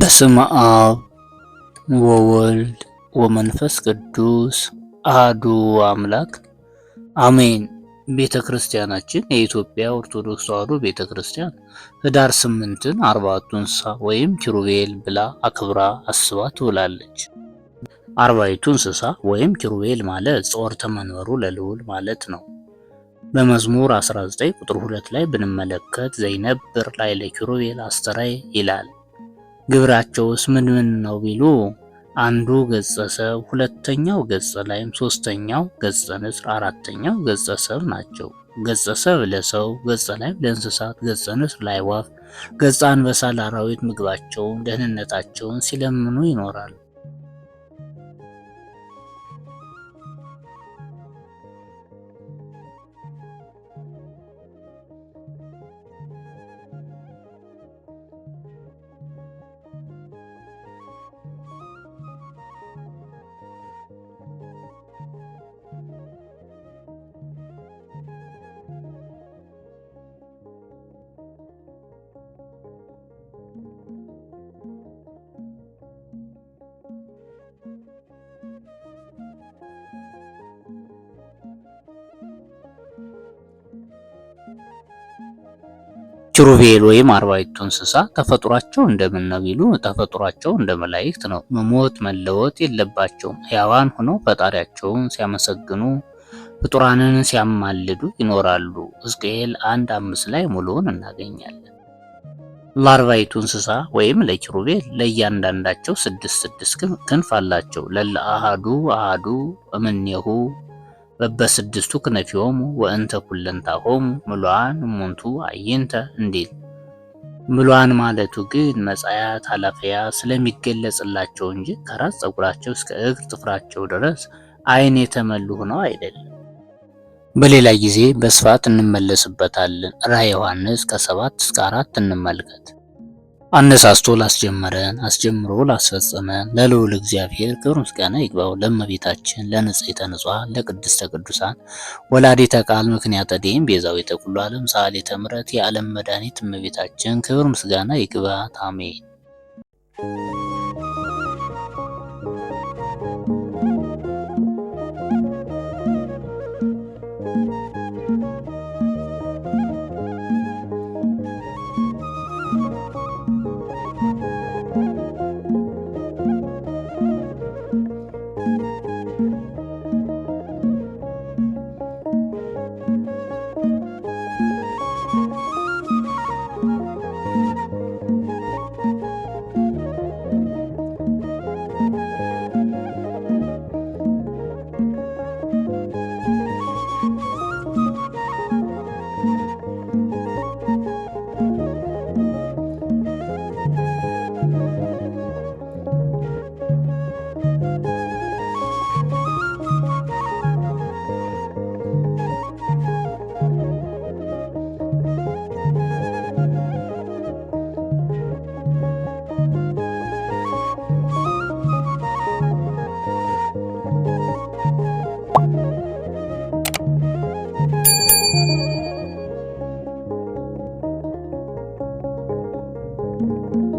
በስመ አብ ወወልድ ወመንፈስ ቅዱስ አሐዱ አምላክ አሜን። ቤተ ክርስቲያናችን የኢትዮጵያ ኦርቶዶክስ ተዋሕዶ ቤተ ክርስቲያን ህዳር ስምንትን አርባቱ እንስሳ ወይም ኪሩቤል ብላ አክብራ አስባ ትውላለች። አርባይቱ እንስሳ ወይም ኪሩቤል ማለት ጾርተ መንበሩ ለልዑል ማለት ነው። በመዝሙር 19 ቁጥር 2 ላይ ብንመለከት ዘይነብር ላይ ለኪሩቤል አስተራይ ይላል። ግብራቸውስ ምን ምን ነው ቢሉ አንዱ ገጸ ሰብ፣ ሁለተኛው ገጸ ላይም፣ ሶስተኛው ገጸ ንስር፣ አራተኛው ገጸ ሰብ ናቸው። ገጸ ሰብ ለሰው፣ ገጸ ላይም ለእንስሳት፣ ገጸ ንስር ለአዕዋፍ፣ ገጸ አንበሳ ለአራዊት ምግባቸውን ደህንነታቸውን ሲለምኑ ይኖራል። ኪሩቤል ወይም አርባይቱ እንስሳ ተፈጥሯቸው እንደምን ነው ቢሉ ተፈጥሯቸው እንደ መላእክት ነው። መሞት መለወጥ የለባቸውም። ሕያዋን ሆነው ፈጣሪያቸውን ሲያመሰግኑ ፍጡራንን ሲያማልዱ ይኖራሉ። ሕዝቅኤል አንድ አምስት ላይ ሙሉውን እናገኛለን። ለአርባዕቱ እንስሳ ወይም ለኪሩቤል ለእያንዳንዳቸው ስድስት ስድስት ክንፍ አላቸው። ለለአሃዱ አሃዱ እምኔሁ በበስድስቱ ክነፊሆሙ ወእንተ ኩለንታሆሙ ምሏን እሙንቱ አይንተ እንዲል ምሏን ማለቱ ግን መጻያት ኃላፊያ ስለሚገለጽላቸው እንጂ ከራስ ጸጉራቸው እስከ እግር ጥፍራቸው ድረስ አይን የተመሉ ሆነው አይደለም። በሌላ ጊዜ በስፋት እንመለስበታለን። ራ ዮሐንስ ከሰባት እስከ አራት እንመልከት። አነሳስቶ ላስጀመረን አስጀምሮ ላስፈጸመን ለልዑል እግዚአብሔር ክብር ምስጋና ይግባው። ለእመቤታችን ለንጽሕተ ንጹሐን ለቅድስተ ቅዱሳን ወላዲተ ቃል ምክንያተ ደይን ቤዛዊተ ኩሉ ዓለም ሰአሊተ ምሕረት የዓለም መድኃኒት እመቤታችን ክብር ምስጋና ይግባት። አሜን። Thank you.